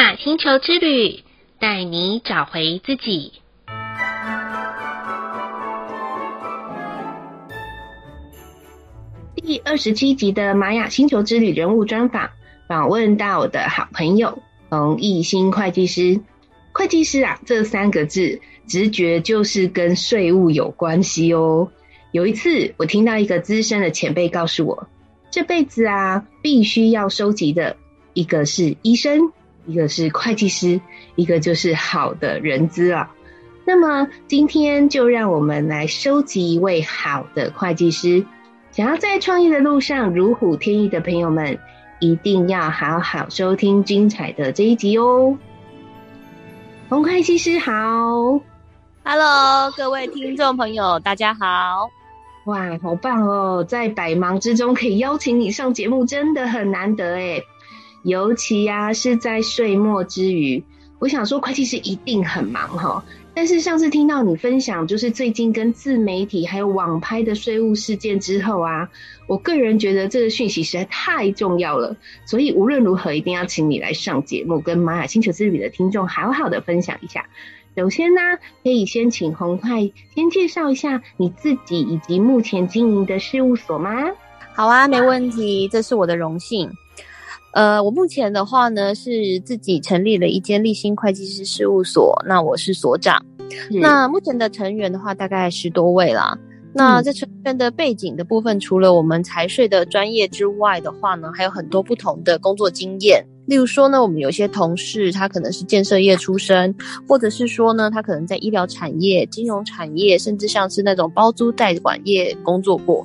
《馬雅星球之旅》帶你找回自己。第二十七集的《馬雅星球之旅》人物專訪，訪問到我的好朋友洪逸芯會計師。會計師啊，這三個字直覺就是跟稅務有關係哦。有一次，我聽到一個資深的前輩告訴我，這輩子啊，必須要收集的一個是醫生。一個是會計師，一個就是好的人資啊。那麼今天就讓我們來收集一位好的會計師，想要在創業的路上如虎添翼的朋友們，一定要好好收聽精彩的這一集哦。洪會計師好。Hello，各位聽眾朋友，大家好。哇，好棒哦，在百忙之中可以邀請你上節目，真的很難得哎。尤其呀、啊，是在歲末之餘，我想說會計師一定很忙哈。但是上次聽到你分享，就是最近跟自媒體還有網拍的稅務事件之後啊，我個人覺得這個訊息實在太重要了，所以無論如何一定要請你來上節目，跟瑪雅星球之旅的聽眾好好的分享一下。首先呢、啊，可以先請洪快先介紹一下你自己以及目前經營的事務所嗎？好啊，沒問題，Bye. 這是我的榮幸。呃，我目前的話呢，是自己成立了一間利興會計師事務所，那我是所長。嗯、那目前的成員的話大概十多位啦。那這成員的背景的部分，除了我們財稅的專業之外的話呢，還有很多不同的工作經驗。例如說呢，我們有些同事他可能是建設業出身，或者是說呢，他可能在醫療產業、金融產業，甚至像是那種包租代管業工作過。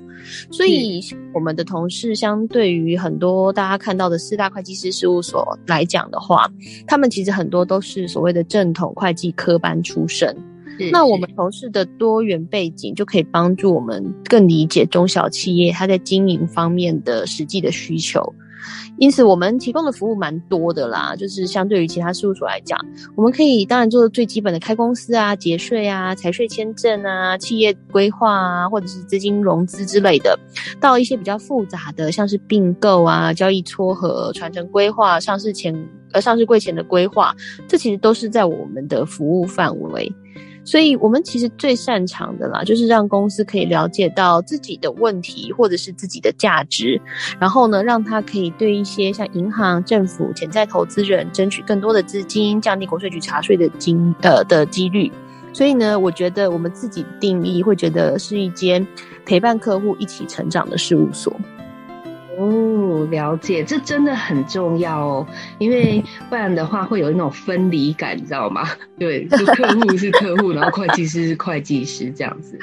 所以，我們的同事相對於很多大家看到的四大會計師事務所來講的話，他們其實很多都是所謂的正統會計科班出身。是是。那我們同事的多元背景就可以幫助我們更理解中小企業他在經營方面的實際的需求。因此，我們提供的服務蠻多的啦，就是相對於其他事務所來講，我們可以當然做最基本的開公司啊、節稅啊、財稅簽證啊、企業規劃啊，或者是資金融資之類的，到一些比較複雜的，像是併購啊、交易撮合、傳承規劃、上市前，呃，上市櫃前的規劃，這其實都是在我們的服務範圍。所以我們其實最擅長的啦，就是讓公司可以了解到自己的問題或者是自己的價值，然後呢，讓他可以對一些像銀行、政府、潛在投資人爭取更多的資金，降低國稅局查稅的金，呃，的幾率。所以呢，我覺得我們自己的定義會覺得是一間陪伴客戶一起成長的事務所。哦，了解，這真的很重要哦，因為不然的話會有一種分離感， 你知道嗎？對，就客戶是客戶 然後會計師是會計師，這樣子，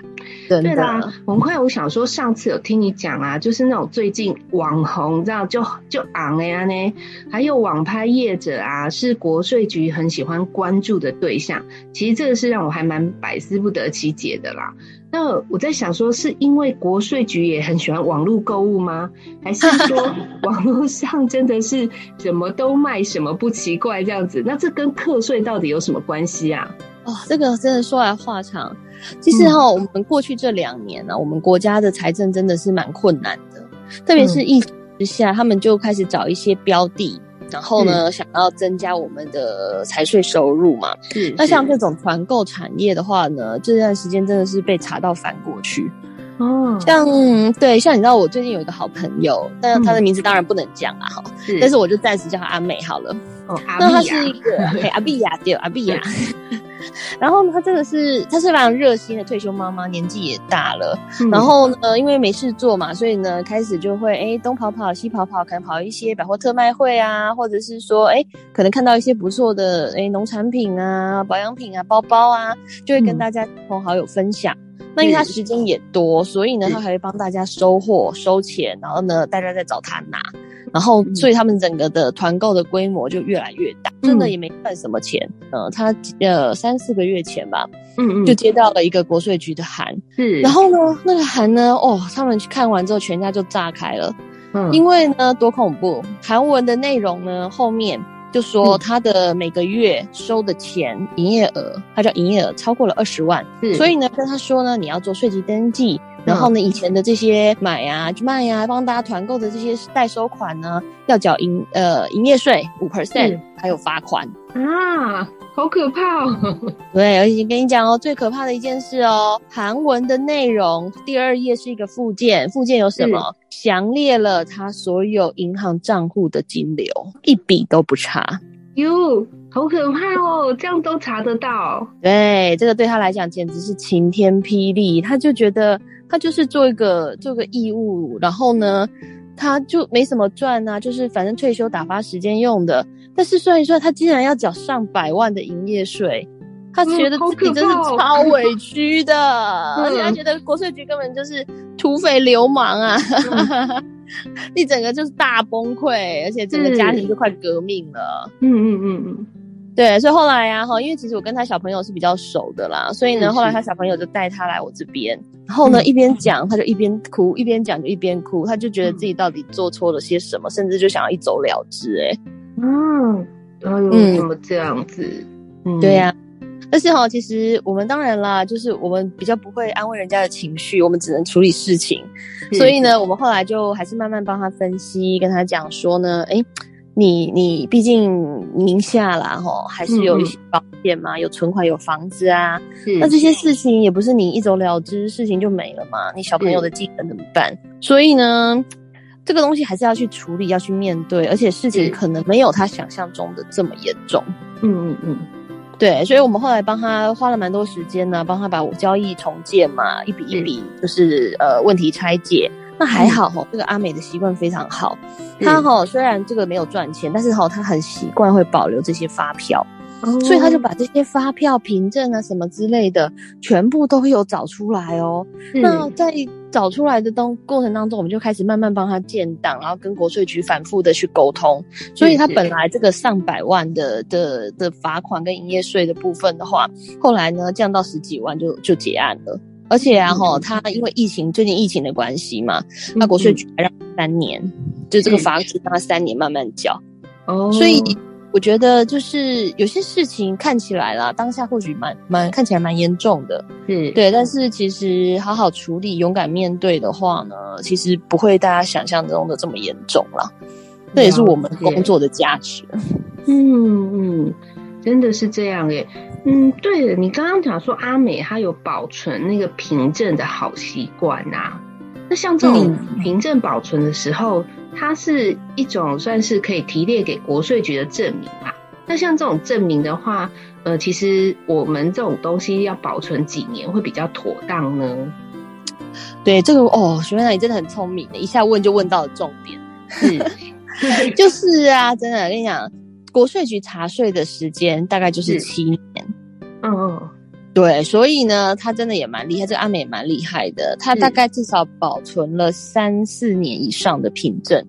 對的。文慧，快我想說，上次有聽你講啊，就是那種最近網紅你知道就就昂呀呢，還有網拍業者啊，是國稅局很喜歡關注的對象。其實這個是讓我還蠻百思不得其解的啦。那我在想說是因為國稅局也很喜歡網絡購物嗎？還是說網絡上真的是什麼都賣，什麼不奇怪這樣子？那這跟課稅到底有什麼關係啊？哦，這個真的說來話長。其實哈、哦，嗯、我們過去這兩年呢、啊，我們國家的財政真的是蠻困難的，特別是疫情之下，嗯、他們就開始找一些標的。然後呢，想要增加我們的財稅收入嘛。嗯，那像這種團購產業的話呢，這段時間真的是被查到反過去。哦，像對，像你知道，我最近有一個好朋友，但他的名字當然不能講啊，哈。但是我就暫時叫他阿美好了。那他是一個，阿比亞，阿比亞對，阿比亞。然後呢，她真的是她是非常熱心的退休媽媽，年紀也大了。嗯、然後呢，因為沒事做嘛，所以呢，開始就會誒東跑跑西跑跑，可能跑一些百貨特賣會啊，或者是說誒可能看到一些不錯的誒農產品啊、保養品啊、包包啊，就會跟大家親朋好友分享。嗯、那因為她時間也多，所以呢，她還會幫大家收貨、嗯、收錢，然後呢，大家再找她拿。然後，所以他們整個的團購的規模就越來越大，嗯、真的也沒賺什麼錢。嗯、呃，他呃三四個月前吧，嗯嗯，就接到了一個國稅局的函，是然後呢，那個函呢，哦，他們看完之後全家就炸開了，嗯、因為呢多恐怖，函文的內容呢後面就說他的每個月收的錢、嗯、營業額，他叫營業額超過了二十萬，是所以呢跟他說呢，你要做稅籍登記。然後呢，以前的這些買呀、啊、去賣呀、啊、幫大家團購的這些代收款呢，要繳營呃營業稅五 percent，是還有罰款啊，好可怕哦！對，而且跟你講哦，最可怕的一件事哦，韓文的內容第二頁是一個附件，附件有什麼？是詳列了他所有銀行賬戶的金流，一筆都不差。喲，好可怕哦！這樣都查得到。對，這個對他來講簡直是晴天霹靂，他就覺得。他就是做一個做一個義務，然後呢，他就沒什麼賺啊，就是反正退休打發時間用的。但是算一算，他竟然要繳上百萬的營業稅，他覺得自己真是超委屈的，嗯、好可怕，可怕，而且他覺得國稅局根本就是土匪流氓啊！一、嗯、 整個就是大崩潰，而且整個家庭就快革命了。嗯嗯嗯嗯。對，所以後來呀，哈，因為其實我跟他小朋友是比較熟的啦，所以呢，後來他小朋友就帶他來我這邊，然後呢，一邊講他就一邊哭，嗯、一邊講就一邊哭，他就覺得自己到底做錯了些什麼，嗯、甚至就想要一走了之、欸，誒嗯，哎呦，怎麼這樣子？嗯，對呀、啊，但是哈，其實我們當然啦，就是我們比較不會安慰人家的情緒，我們只能處理事情，是是，所以呢，我們後來就還是慢慢幫他分析，跟他講說呢，誒、欸你你畢竟名下啦，吼，還是有一些保險嘛，嗯嗯，有存款，有房子啊。嗯、那這些事情也不是你一走了之，事情就沒了嘛。你小朋友的繼承怎麼辦？嗯、所以呢，這個東西還是要去處理，要去面對。而且事情可能沒有他想象中的這麼嚴重。嗯嗯嗯，對。所以我們後來幫他花了蠻多時間呢，幫他把我交易重建嘛，一筆一筆、嗯、就是呃問題拆解。嗯、那還好吼，這個阿美的習慣非常好。他吼、嗯、雖然這個沒有賺錢，但是吼他很習慣會保留這些發票，哦、所以他就把這些發票憑證啊什麼之類的，全部都有找出來哦。嗯、那在找出來的當過程當中，我們就開始慢慢幫他建檔，然後跟國稅局反覆的去溝通。所以他本來這個上百萬的的的罰款跟營業稅的部分的話，後來呢降到十幾萬就就結案了。而且啊吼、嗯，他因為疫情，最近疫情的關係嘛，那、嗯嗯、國稅局還讓他三年，嗯、就這個房子讓他三年慢慢交。嗯、所以我覺得就是有些事情看起來啦，哦、當下或許蠻蠻看起來蠻嚴重的，嗯是，對，但是其實好好處理、勇敢面對的話呢，其實不會大家想象中的這麼嚴重啦。解這也是我們工作的價值。嗯嗯，真的是這樣耶。嗯，對，你剛剛講說阿美她有保存那個憑證的好習慣吶、啊。那像這種憑證保存的時候，嗯、它是一種算是可以提列給國稅局的證明嘛？那像這種證明的話，呃，其實我們這種東西要保存幾年會比較妥當呢？對，這個哦，學院長你真的很聰明的，一下問就問到了重點。是， 就是啊，真的，我跟你講。國稅局查稅的時間大概就是七年，嗯，oh. 對，所以呢，他真的也蠻厲害，這個阿美也蠻厲害的，他大概至少保存了三四年以上的憑證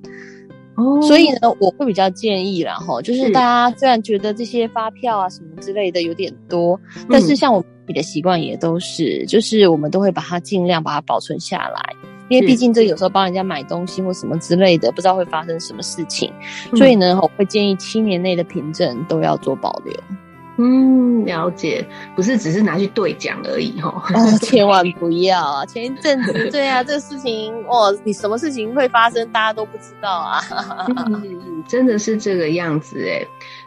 ，oh. 所以呢，我會比較建議，然後就是大家雖然覺得這些發票啊什麼之類的有點多，是，但是像我自己的習慣也都是，嗯、就是我們都會把它盡量把它保存下來。因為畢竟這有時候幫人家買東西或什麼之類的，是不知道會發生什麼事情，嗯、所以呢，我會建議七年內的憑證都要做保留。嗯，了解，不是只是拿去兌獎而已吼、哦。哦、對千萬不要、啊，前一陣子 對啊，這事情哦，你什麼事情會發生，大家都不知道啊。 嗯、真的是這個樣子哎。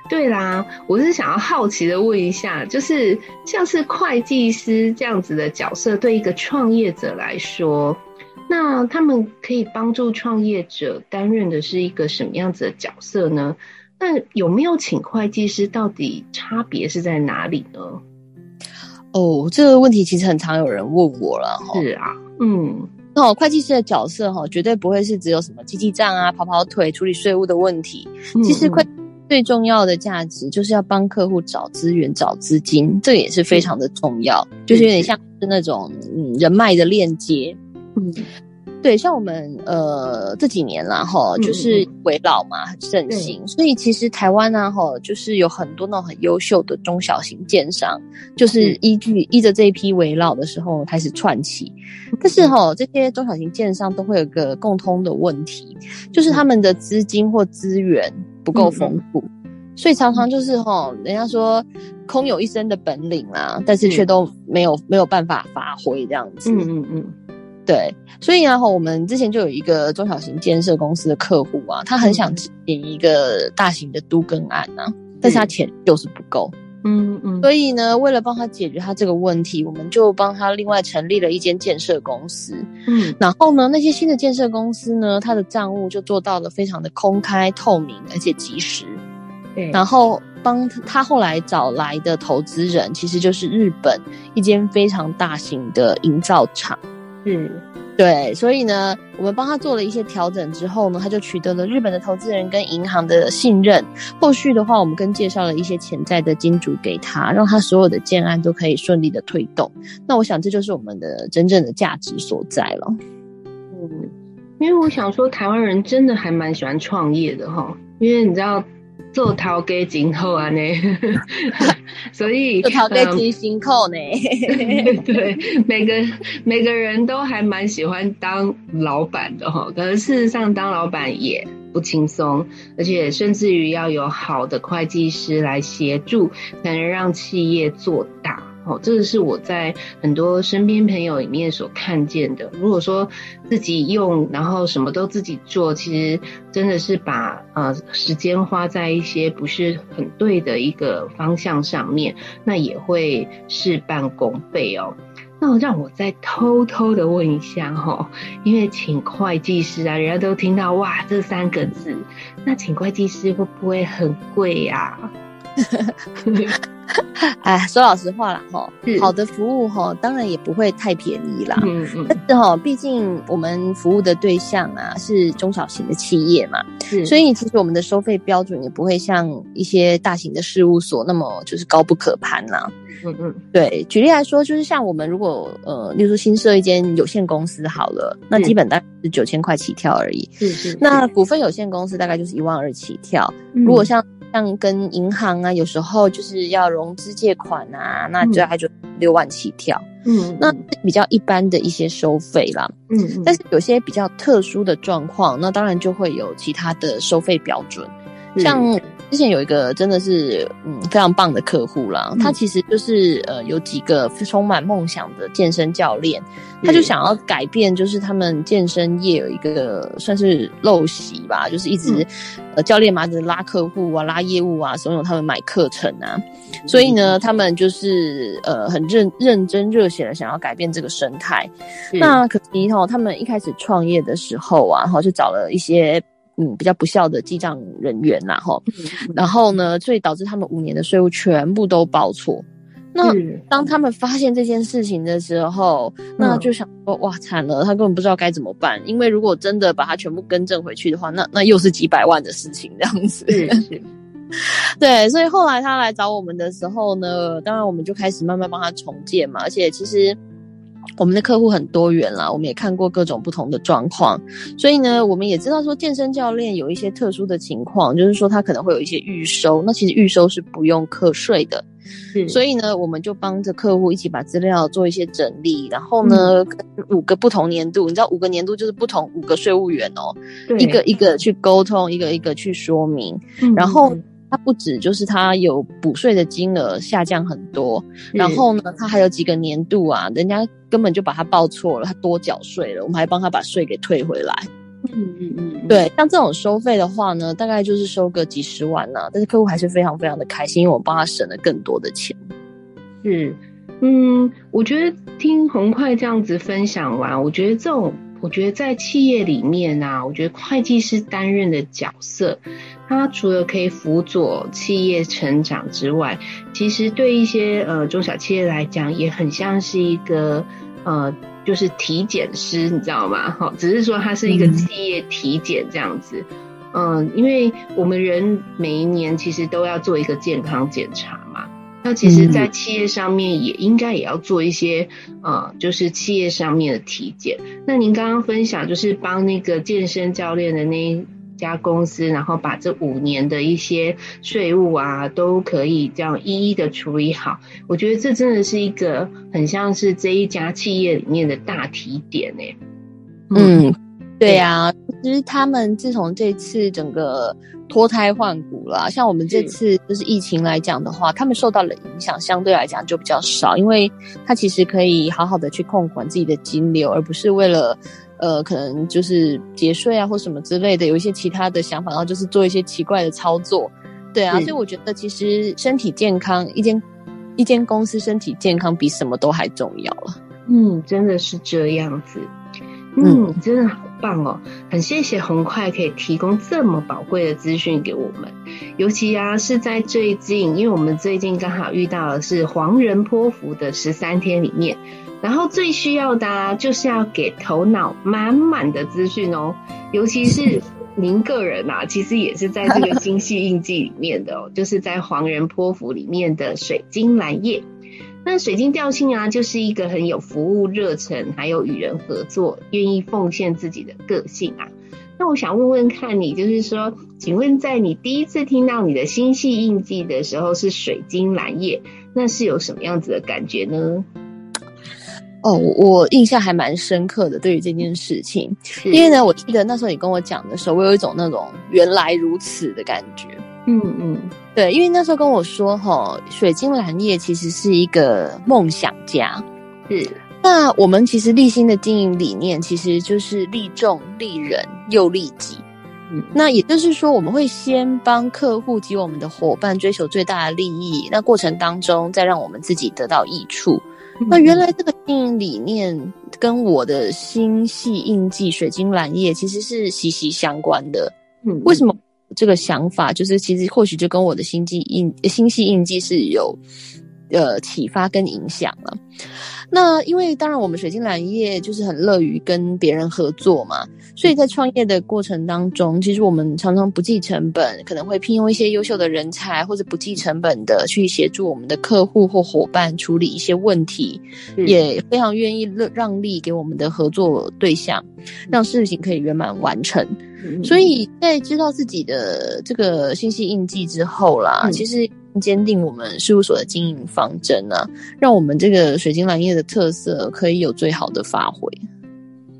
對啦，我是想要好奇的問一下，就是像是會計師這樣子的角色，對一個創業者來說。那他們可以幫助創業者擔任的是一個什麼樣子的角色呢？那有沒有請會計師？到底差別是在哪裡呢？哦，這個問題其實很常有人問我了、哦。是啊，嗯，那、嗯哦、會計師的角色哈、哦，絕對不會是只有什麼記記賬啊、跑跑腿、處理稅務的問題。嗯、其實，會計師最重要的價值就是要幫客戶找資源、找資金，這個、也是非常的重要。嗯、就是有點像是那種、嗯、人脈的鏈接。嗯，對，像我們呃這幾年啦哈，就是危老嘛，嗯嗯，很盛行，嗯、所以其實台灣呢，啊、哈，就是有很多那種很優秀的中小型建商，就是依據、嗯、依着這一批危老的時候開始串起，但是哈這些中小型建商都會有個共通的問題，就是他們的資金或資源不夠豐富，嗯、所以常常就是哈，人家說空有一身的本領啊，但是卻都沒有、嗯、沒有辦法發揮這樣子，嗯，嗯嗯。對，所以然後我們之前就有一個中小型建設公司的客戶啊，他很想進行一個大型的都更案吶、啊，嗯、但是他錢就是不夠。嗯嗯。嗯，所以呢，為了幫他解決他這個問題，我們就幫他另外成立了一間建設公司。嗯。然後呢，那些新的建設公司呢，他的賬務就做到了非常的公開透明，而且及時。對。然後幫他，他後來找來的投資人，其實就是日本一間非常大型的營造廠。是、嗯，對，所以呢，我們幫他做了一些調整之後呢，他就取得了日本的投資人跟銀行的信任。後續的話，我們更介紹了一些潛在的金主給他，讓他所有的建案都可以順利的推動。那我想這就是我們的真正的價值所在了。嗯，因為我想說，台灣人真的還蠻喜歡創業的哈，因為你知道。做老闆真好啊呢， 所以 做老闆真辛苦呢、 嗯。對，對，每個每個人都還蠻喜歡當老闆的哈、哦，可是事實上當老闆也不輕鬆，而且甚至於要有好的會計師來協助，才能讓企業做大。哦，這個是我在很多身邊朋友裡面所看見的。如果說自己用，然後什麼都自己做，其實真的是把呃時間花在一些不是很對的一個方向上面，那也會事半功倍哦。那哦讓我再偷偷的問一下哈、哦，因為請會計師啊，人家都聽到哇這三個字，那請會計師會不，不會很貴啊？哎， 說老實話了哈，哦、是好的服務哈、哦，當然也不會太便宜啦。嗯嗯。嗯但是哈、哦，畢竟我們服務的對象啊是中小型的企業嘛，是所以你其實我們的收費標準也不會像一些大型的事務所那麼就是高不可攀吶、啊嗯。嗯嗯。對，舉例來說，就是像我們如果呃，例如說新設一間有限公司好了，嗯、那基本大概是九千塊起跳而已。是是。是是那股份有限公司大概就是一萬二起跳。嗯、如果像像跟銀行啊，有時候就是要融資借款啊，嗯、哼那就還就六萬起跳。嗯，嗯，那比較一般的一些收費啦。嗯哼，但是有些比較特殊的狀況，那當然就會有其他的收費標準，嗯、像。之前有一個真的是嗯非常棒的客戶啦，嗯、他其實就是呃有幾個充滿夢想的健身教練，他就想要改變，就是他們健身業有一個算是陋習吧，就是一直、嗯、呃教練嘛，只拉客戶啊，拉業務啊，慫恿他們買課程啊，嗯、所以呢，他們就是呃很認認真熱血的想要改變這個生態，是那可惜哈、哦，他們一開始創業的時候啊，然後就找了一些。嗯，比較不孝的記賬人員，然後 然後呢，所以導致他們五年的稅務全部都報錯。那是當他們發現這件事情的時候，那就想說，嗯、哇，慘了，他根本不知道該怎麼辦。因為如果真的把他全部更正回去的話，那那又是幾百萬的事情，這樣子。對，所以後來他來找我們的時候呢，當然我們就開始慢慢幫他重建嘛，而且其實。我們的客戶很多元啦，我們也看過各種不同的狀況，所以呢，我們也知道說健身教練有一些特殊的情況，就是說他可能會有一些預收，那其實預收是不用課稅的，是所以呢，我們就幫着客戶一起把資料做一些整理，然後呢，嗯、五個不同年度，你知道五個年度就是不同五個稅務員哦，對一個一個去溝通，一個一個去說明，然後。嗯他不止，就是他有補稅的金額下降很多，嗯、然後呢，他還有幾個年度啊，人家根本就把他報錯了，他多繳稅了，我們還幫他把稅給退回來。嗯嗯嗯，嗯嗯對，像這種收費的話呢，大概就是收個幾十萬吶、啊，但是客戶還是非常非常的開心，因為我幫他省了更多的錢。是、嗯，嗯，我覺得聽紅快這樣子分享完、啊，我覺得這種。我覺得在企業裡面啊，我覺得會計師擔任的角色，他除了可以輔佐企業成長之外，其實對一些呃中小企業來講，也很像是一個呃，就是體檢師，你知道嗎？哈，只是說他是一個企業體檢這樣子。嗯、呃，因為我們人每一年其實都要做一個健康檢查嘛。那其實，在企業上面也應該也要做一些，嗯、呃，就是企業上面的體檢。那您剛剛分享，就是幫那個健身教練的那家公司，然後把這五年的一些稅務啊，都可以這樣一一的處理好。我覺得這真的是一個很像是這一家企業裡面的大提點誒、欸。嗯，對呀。對啊其實他們自從這次整個脫胎換骨了，像我們這次就是疫情來講的話，是他們受到了影響相對來講就比較少，因為他其實可以好好的去控管自己的金流，而不是為了呃可能就是節稅啊或什麼之類的有一些其他的想法，然後就是做一些奇怪的操作，對啊，是所以我覺得其實身體健康，一間一間公司身體健康比什麼都還重要了。嗯，真的是這樣子。嗯，真的好棒哦！很謝謝紅快可以提供這麼寶貴的資訊給我們，尤其啊是在最近，因為我們最近剛好遇到的是黃人波符的十三天裡面，然後最需要的、啊、就是要給頭腦滿滿的資訊哦，尤其是您個人啊，其實也是在這個星系印記裡面的哦， 就是在黃人波符裡面的水晶藍夜。那水晶調性啊，就是一個很有服務熱忱，還有與人合作，願意奉獻自己的個性啊。那我想問問看你，就是說，請問在你第一次聽到你的星系印記的時候，是水晶藍夜，那是有什麼樣子的感覺呢？哦，我印象還蠻深刻的，對於這件事情，是因為呢，我記得那時候你跟我講的時候，我有一種那種原來如此的感覺。嗯嗯，嗯對，因為那時候跟我說，吼，水晶藍夜其實是一個夢想家。是，那我們其實利興的經營理念，其實就是利眾、利人又利己。嗯，那也就是說，我們會先幫客戶及我們的夥伴追求最大的利益，那過程當中再讓我們自己得到益處。嗯、那原來這個經營理念跟我的星系印記水晶藍夜其實是息息相關的。嗯，為什麼？這個想法就是，其實或許就跟我的星際印、星系印記是有。呃，啟發跟影響了、啊。那因為當然，我們水晶藍夜就是很樂於跟別人合作嘛，所以在創業的過程當中，其實我們常常不計成本，可能會聘用一些優秀的人才，或者不計成本的去協助我們的客戶或夥伴處理一些問題，嗯、也非常願意讓讓利給我們的合作對象，讓事情可以圓滿完成。所以在知道自己的這個信息印記之後啦，嗯、其實。堅定我們事務所的經營方針呢、啊，讓我們這個水晶藍夜的特色可以有最好的發揮。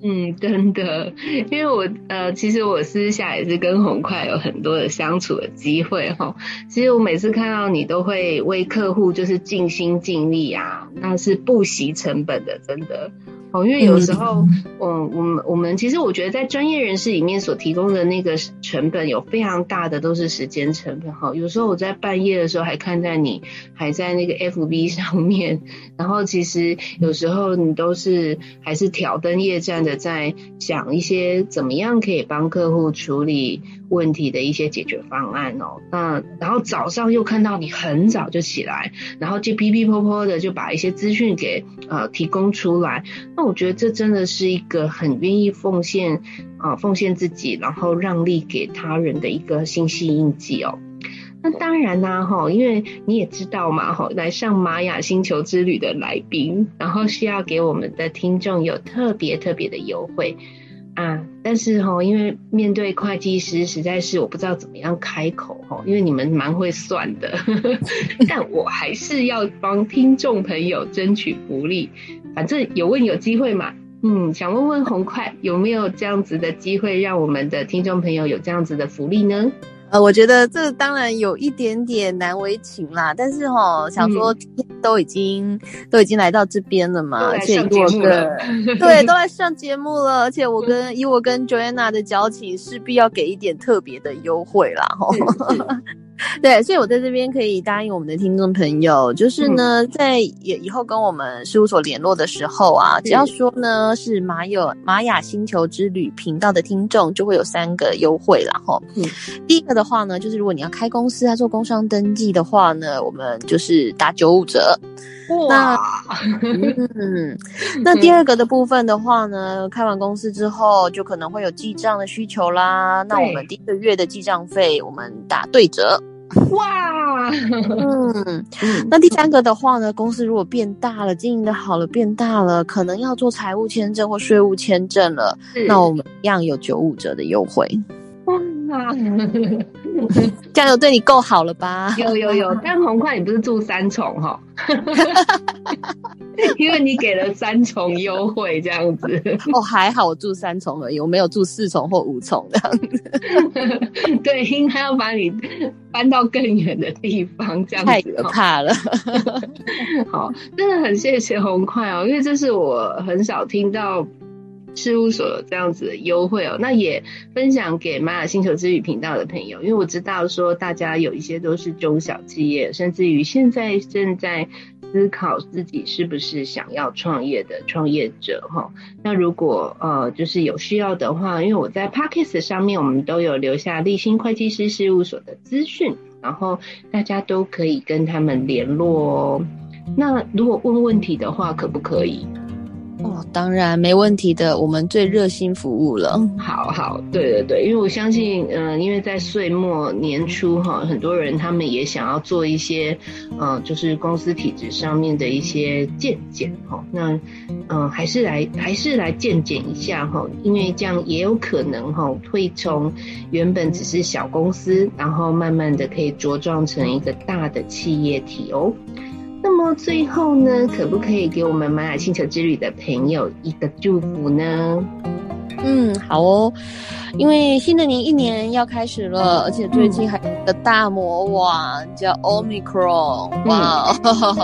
嗯，真的，因為我呃，其實我私下也是跟紅快有很多的相處的機會哈、哦。其實我每次看到你，都會為客戶就是盡心盡力啊，那是不惜成本的，真的。哦，因為有時候，嗯，我們我們其實我覺得在專業人士裡面所提供的那個成本，有非常大的都是時間成本哈。有時候我在半夜的時候還看在你還在那個 FB 上面，然後其實有時候你都是還是挑燈夜戰的在想一些怎麼樣可以幫客戶處理問題的一些解決方案哦，那然後早上又看到你很早就起來，然後就逼逼迫迫的就把一些資訊給呃提供出來，那我覺得這真的是一個很願意奉獻啊、呃、奉獻自己，然後讓利給他人的一個信息印記哦。那當然啦、啊，因為你也知道嘛，吼，來上馬雅星球之旅的來賓，然後是要給我們的聽眾有特別特別的優惠。啊，但是哈，因為面對會計師，實在是我不知道怎麼樣開口哈，因為你們蠻會算的，呵呵 但我還是要幫聽眾朋友爭取福利，反正有問有機會嘛，嗯，想問問洪快有沒有這樣子的機會，讓我們的聽眾朋友有這樣子的福利呢？我覺得這當然有一點點難為情啦，但是哈，想說都已經、嗯、都已經來到這邊了嘛，了，而且 對，都來上節目了，而且我跟 以我跟 Joanna 的交情，勢必要給一點特別的優惠啦，哈。 對，所以我在這邊可以答應我們的聽眾朋友，就是呢，在也以後跟我們事務所聯絡的時候啊，只要說呢是馬有瑪雅星球之旅頻道的聽眾，就會有三個優惠然後、嗯、第一個的話呢，就是如果你要開公司啊做工商登記的話呢，我們就是打九五折。哇那、嗯、 那第二個的部分的話呢，開完公司之後就可能會有記賬的需求啦，對那我們第一個月的記賬費我們打對折。哇， 嗯，那第三個的話呢，公司如果變大了，經營的好了，變大了，可能要做財務簽證或稅務簽證了，是那我們一樣有九五折的優惠。哇，加油！對你夠好了吧？有有有，但洪會你不是住三重哈、哦， 因為你給了三重優惠這樣子。 哦，還好我住三重而已，我沒有住四重或五重這樣子。 對，應該要把你搬到更遠的地方這樣子，太可怕了。 好，真的很謝謝洪會哦，因為這是我很少聽到。事務所有這樣子的優惠哦、喔，那也分享給馬雅星球之旅頻道的朋友，因為我知道說，大家有一些都是中小企業，甚至於現在正在思考自己是不是想要創業的創業者哈、喔。那如果呃就是有需要的話，因為我在 Podcast 上面我們都有留下利興會計師事務所的資訊，然後大家都可以跟他們聯絡哦、喔。那如果問問題的話，可不可以？哦，當然沒問題的，我們最熱心服務了。好好，對對對，因為我相信，嗯、呃，因為在歲末年初哈，很多人他們也想要做一些，嗯、呃，就是公司體質上面的一些健檢哈。那，嗯、呃，還是來還是來健檢一下哈，因為這樣也有可能哈、呃，推從原本只是小公司，然後慢慢的可以茁壯成一個大的企業體哦。那麼最後呢，可不可以給我們《馬雅星球之旅》的朋友一個祝福呢？嗯，好哦。因為新的年一年要開始了，而且最近還有一個大魔王、嗯、叫 Omicron 哇哦！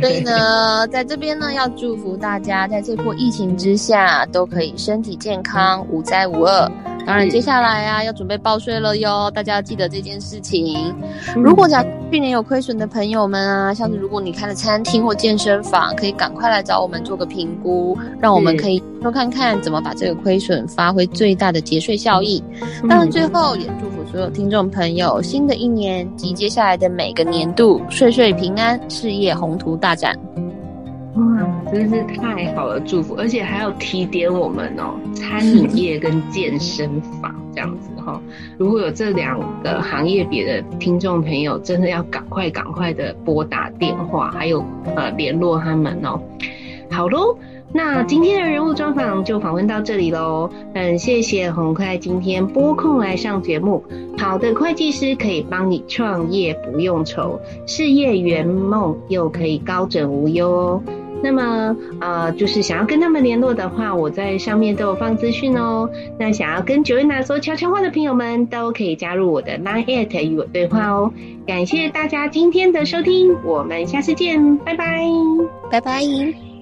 所以呢，在這邊呢要祝福大家，在這波疫情之下都可以身體健康無災無厄。當然，接下來啊對 要準備報稅了喲，大家要記得這件事情。如果講去年有虧損的朋友們啊，像是如果你開了餐廳或健身房，可以趕快來找我們做個評估，讓我們可以多看看怎麼把這個虧損發揮最大的節稅效益，當然最後也祝福所有聽眾朋友，新的一年及接下來的每個年度，歲歲平安，事業宏圖大展。哇，真是太好了，祝福，而且還要提點我們哦，餐飲業跟健身房這樣子哈、哦，是如果有這兩個行業別的聽眾朋友，真的要趕快趕快的撥打電話，還有呃聯絡他們哦。好，嘍。那今天的人物專訪就訪問到這裡嘍。嗯，謝謝洪會計今天撥空來上節目。好的會計師可以幫你創業不用愁，事業圓夢又可以高枕無憂哦。那麼，呃，就是想要跟他們聯絡的話，我在上面都有放資訊哦。那想要跟 Joanna 說悄悄話的朋友們都可以加入我的 Line@ 與我對話哦。感謝大家今天的收聽，我們下次見，拜拜，拜拜。